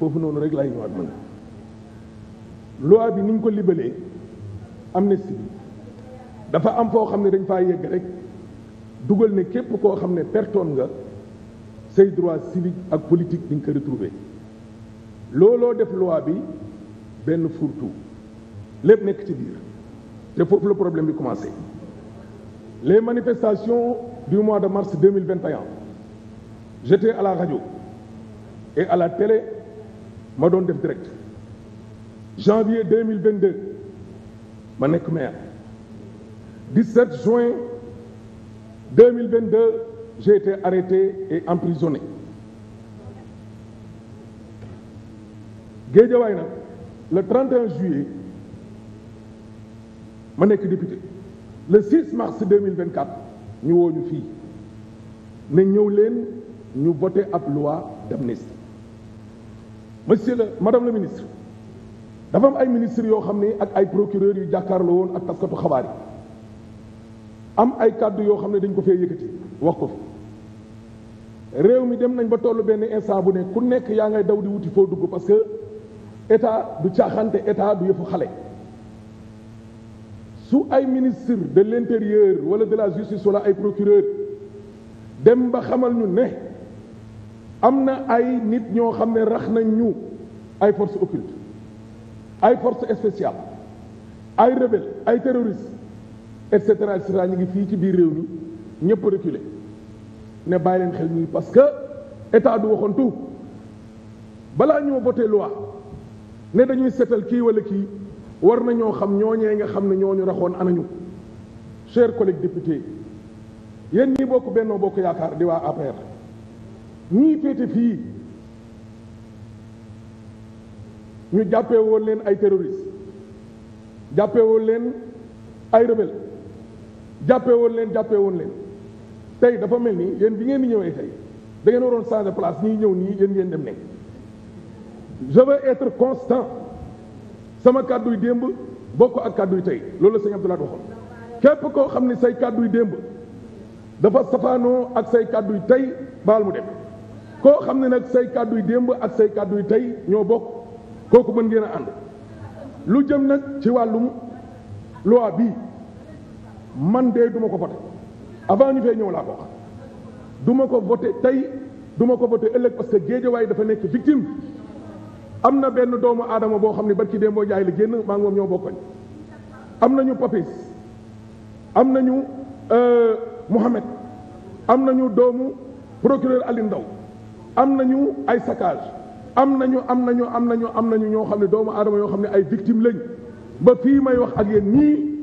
foofu noonu rek ñu ñëwaat man loi bi ni ko ko am amnistie si dafa am foo xam ne dañ faa yegg rek dugal ne képp koo xam ne perton nga say droits civiques ak politique di nga ko retrouver looloo def loi bi benn fourre-tout lépp nekk ci biir te foofu la problème bi commencé les manifestations du mois de mars 2021 j'étais à la à la télé ma doon def direct janvier 2022 ma nekk maire 17 juin 2022 j'ai été arrêté et emprisonné Guédiawaye na le 31 juillet ma nekk député le 6 mars 2024 ñu woo ñu fii ne ñëw leen ñu voté ab loi d'amnistie monsieur le madame la ministre dafa am ay ministre yoo xam ne ak ay procureur yu jàkkaarloo woon ak taskatu xabaar yi am ay kàddu yoo xam ne dañ ko fee yëkkati wax ko fi réew mi dem nañ ba toll benn instant bu ne ku nekk yaa ngay daw di wuti foo dugg parce que état du caaxante état du yëfu xale su ay ministre de l'intérieur wala de la justice wala ay procureur dem ba xamal ñu ne am na ay nit ñoo xam ne rax nañ ñu ay force occulte ay force spéciale ay rebelle ay terroriste et cetera et ñu ngi fii ci biir réew mi ñëpp reculé ne bàyyi leen xel ñuy parce que état du waxoon tout balaa ñoo voté loi ne dañuy seetal kii wala kii war na ñoo xam ñooñee nga xam ne ñooñu raxoon anañu chers collègues députés yéen ñi bokk Benno Bokk Yaakaar di waa affaire ñii féete fii ñu jàppee woon leen ay terroriste jàppe woon leen ay rebelle jàppe woon leen jàppe woon leen tey dafa mel ni yéen bi ngeen di ñëwee tey da ngeen waroon changer place ñii ñëw nii yéen ngeen dem ne je veux être constant sama kàdduy démb bokk ak kàdduy tey loolu la sëñ Abdoulaye képp koo xam ne say kàdduy démb dafa safaanoo ak say kàdduy tey baal mu dem koo xam ne nag say kàdduy démb ak say kàdduy tey ñoo bokk kooku mën ngeen a ànd lu jëm nag ci wàllum loi bii man de duma ko voté avant ñu fee ñëw laa ko duma ko voté tey duma ko voté ëllëg parce que waaye dafa nekk victime am na benn doomu aadama boo xam ne barki démboo jaay la génn maa ngi moom ñoo bokkoñ am nañu papis am nañu euh, Mohamed am nañu doomu procureur alindaw am nañu ay saccage am nañu am nañu am nañu am nañu ñoo xam ne doomu aadama yoo xam ne ay victime lañ ba fii may wax ak yéen nii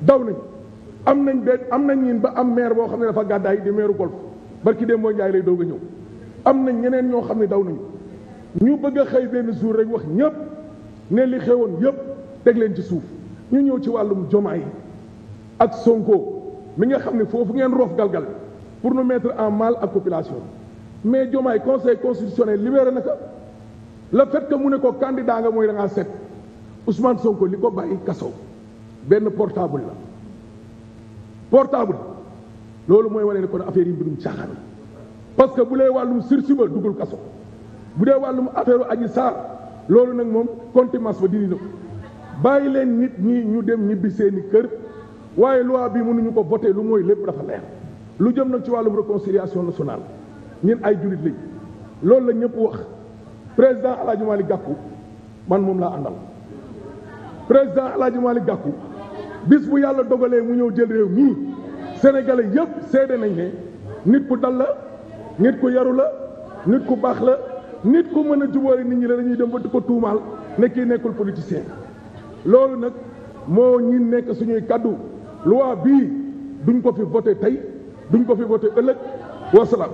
daw nañ am nañ benn am nañ ñin ba am maire boo xam ne dafa gàddaay di maire golf barki dem mooy njaay lay doog ñëw am nañ ñeneen ñoo xam ne daw nañu ñu bëgg xëy benn jour rek wax ñëpp ne li xewoon yëpp teg leen ci suuf ñu ñëw ci wàllum yi ak Sonko mi nga xam ne foofu ngeen roof galgal pour nous mettre en mal ak population mais jomaay conseil constitutionnel libéré na ko le fait que mu ne ko candidat nga mooy da ngaa set Ousmane Sonko li ko bàyyi kaso benn portable la portable loolu mooy wane ne kon affaire yi mbirum caaxaan la parce que bu dee wàllum sursis ba duggul kaso bu dee wàllum affaire aji saar loolu nag moom contumace ba dindi na ko bàyyi leen nit ñi ñu dem ñibbi seeni kër waaye loi bi mënuñu ko voté lu mooy lépp dafa leer lu jëm nag ci wàllum réconciliation nationale. ñun ay jullit lañ loolu la ñëpp wax président El Hadj Malick Gakou man moom laa àndal président El Hadj Malick Gakou bis bu yàlla dogalee mu ñëw jël réew mii sénégalais yëpp seede nañ ne nit ku dal la nit ku yaru la nit ku baax la nit ku mën a jubóore nit ñi la dañuy dem ba di ko tuumaal ne kii nekkul politicien loolu nag moo ñi nekk suñuy kaddu loi bii duñ ko fi voté tey duñ ko fi voté ëllëg wasalaam